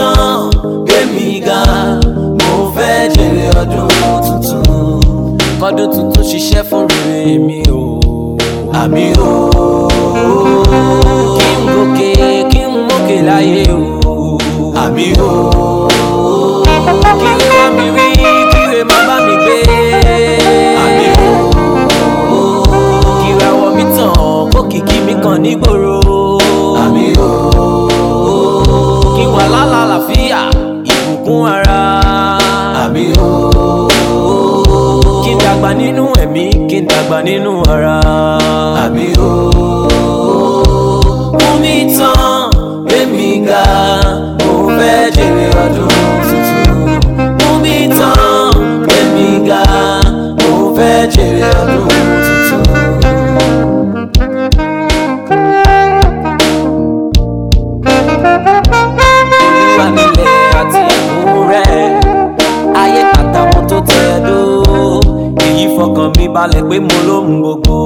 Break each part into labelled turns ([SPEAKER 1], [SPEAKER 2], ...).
[SPEAKER 1] tán gbẹ̀mí ga mo fẹ́ jèrè ọdún tuntun. kọ́dún tuntun ṣiṣẹ́ fún rere mi o. àmì o. kí n gòkè kí n mókè láyé o. àmì o. nínú ẹ̀mí kí n dàgbà nínú ara. àmì ooo. lóhun gbogbo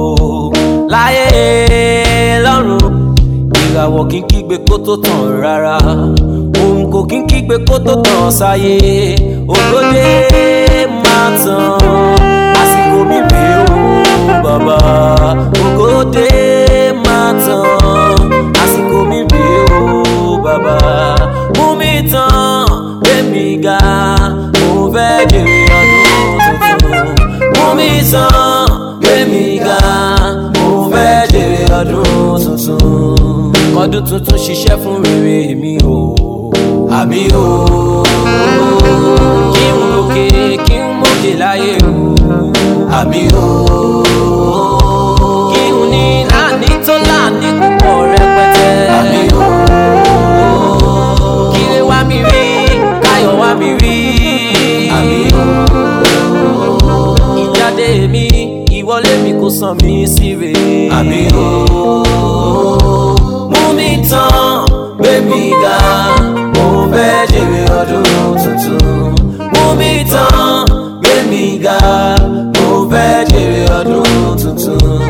[SPEAKER 1] láyé lọ́run ìràwọ̀ kì í kígbe kó tó tàn rárá òun kò kì í kígbe kó tó tàn sáyé ògòdè máa tàn àsìkò mi rèé o bàbá ògòdè máa tàn àsìkò mi rèé o bàbá mú mi tàn èmi ga mo fẹ́ jèrè ọdún tuntun mú mi tàn. ọdún tuntun ṣiṣẹ́ fún rere mi o àbí o kí n lókè kí n mókè láyé o àbí o kí n ní láàní tó láàní púpọ̀ rẹpẹtẹ àbí o kí lè wá mi rí káyọ̀ wá mi rí àbí o ìjáde mi ìwọlé mi kò sàn mí sí àbí o mi ga mo fẹ́ jèrè ọdún tuntun mú mi tán gbé mi ga mo fẹ́ jèrè ọdún tuntun.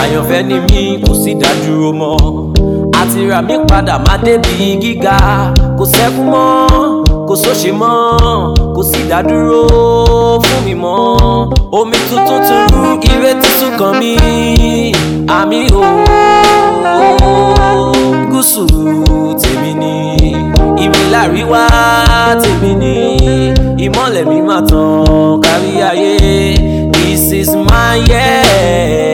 [SPEAKER 1] àyànfẹ́ ni mí kò sí dádúró mọ́ àti rà mí padà má débi gíga kò sẹ́kù mọ́ kò sóṣe mọ́ kò sì dádúró fún mi mọ́ omi tuntun tún rú ìrètí sùn kàn mí àmì o gúúsù tèmi ni ìrìlà àríwá tèmi ni ìmọ̀lẹ̀ mi máa tàn kárí ayé this is my year.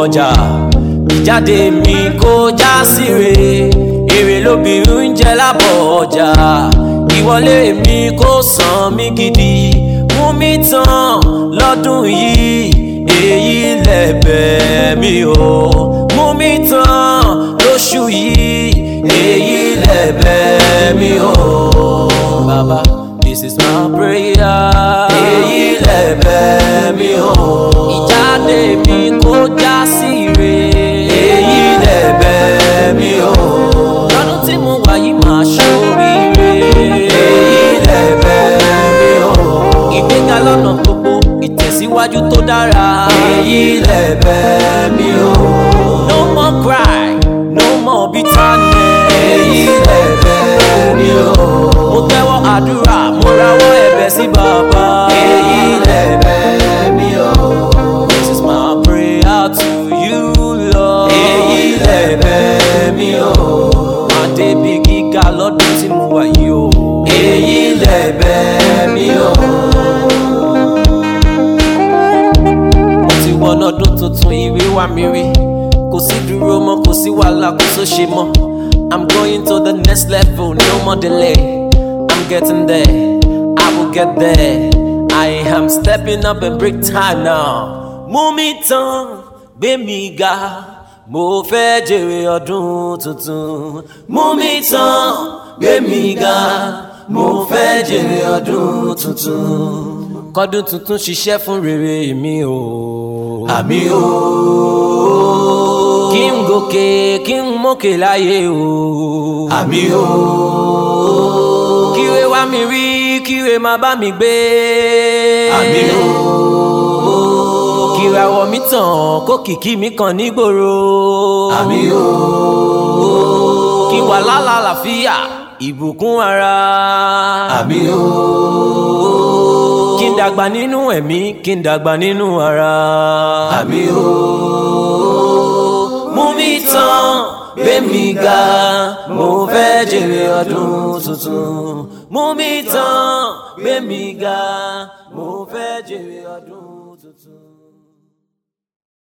[SPEAKER 1] ọjà ìjáde mi kó já síre èrè lóbìnrin ń jẹ lábọ̀ ọjà ìwọlé mi kó san mí gidi mú mi tán lọ́dún yìí èyí lẹ̀bẹ̀ mi o mú mi tán lóṣù yìí èyí lẹ̀bẹ̀ mi o. Bàbá. This is my prayer. èyí lẹ̀bẹ̀ mi o. ìjáde mi lọ́nà gbogbo ìtẹ̀síwájú tó dára. èyí lẹ̀bẹ̀ mi o. no more cry no more bitterness. èyí lẹ̀bẹ̀ mi o. mo tẹ́wọ́ àdúrà mo rawọ́ ẹ̀bẹ̀ sí bàbá. tuntun ìwé wa mìíràn kò sí dúró mọ́ kò sí wàhálà kò só ṣe mọ́ I'm going to the next level no more delay I'm getting there I will get there I am stepping up and break time now mú mi tán gbé mi ga mo fẹ́ jèrè ọdún tuntun. mú mi tán gbé mi ga mo fẹ́ jèrè ọdún tuntun. kọ́dún tuntun ṣiṣẹ́ fún rere mi o. àmì o. kí n gòkè kí n mókè láyé o. àmì o. kíre wá mi rí kíre má bá mi gbé. àmì o. kírawọ́ mi tàn kó kìkì mi kàn nígboro. àmì o. kí wà lálàáfíà ìbùkún ara. àmì o kí n dàgbà nínú ẹ̀mí kí n dàgbà nínú ara. àmì o mú mi tán gbẹ̀mí ga mo fẹ́ jèrè ọdún tuntun mú mi tán gbẹ̀mí ga mo fẹ́ jèrè ọdún.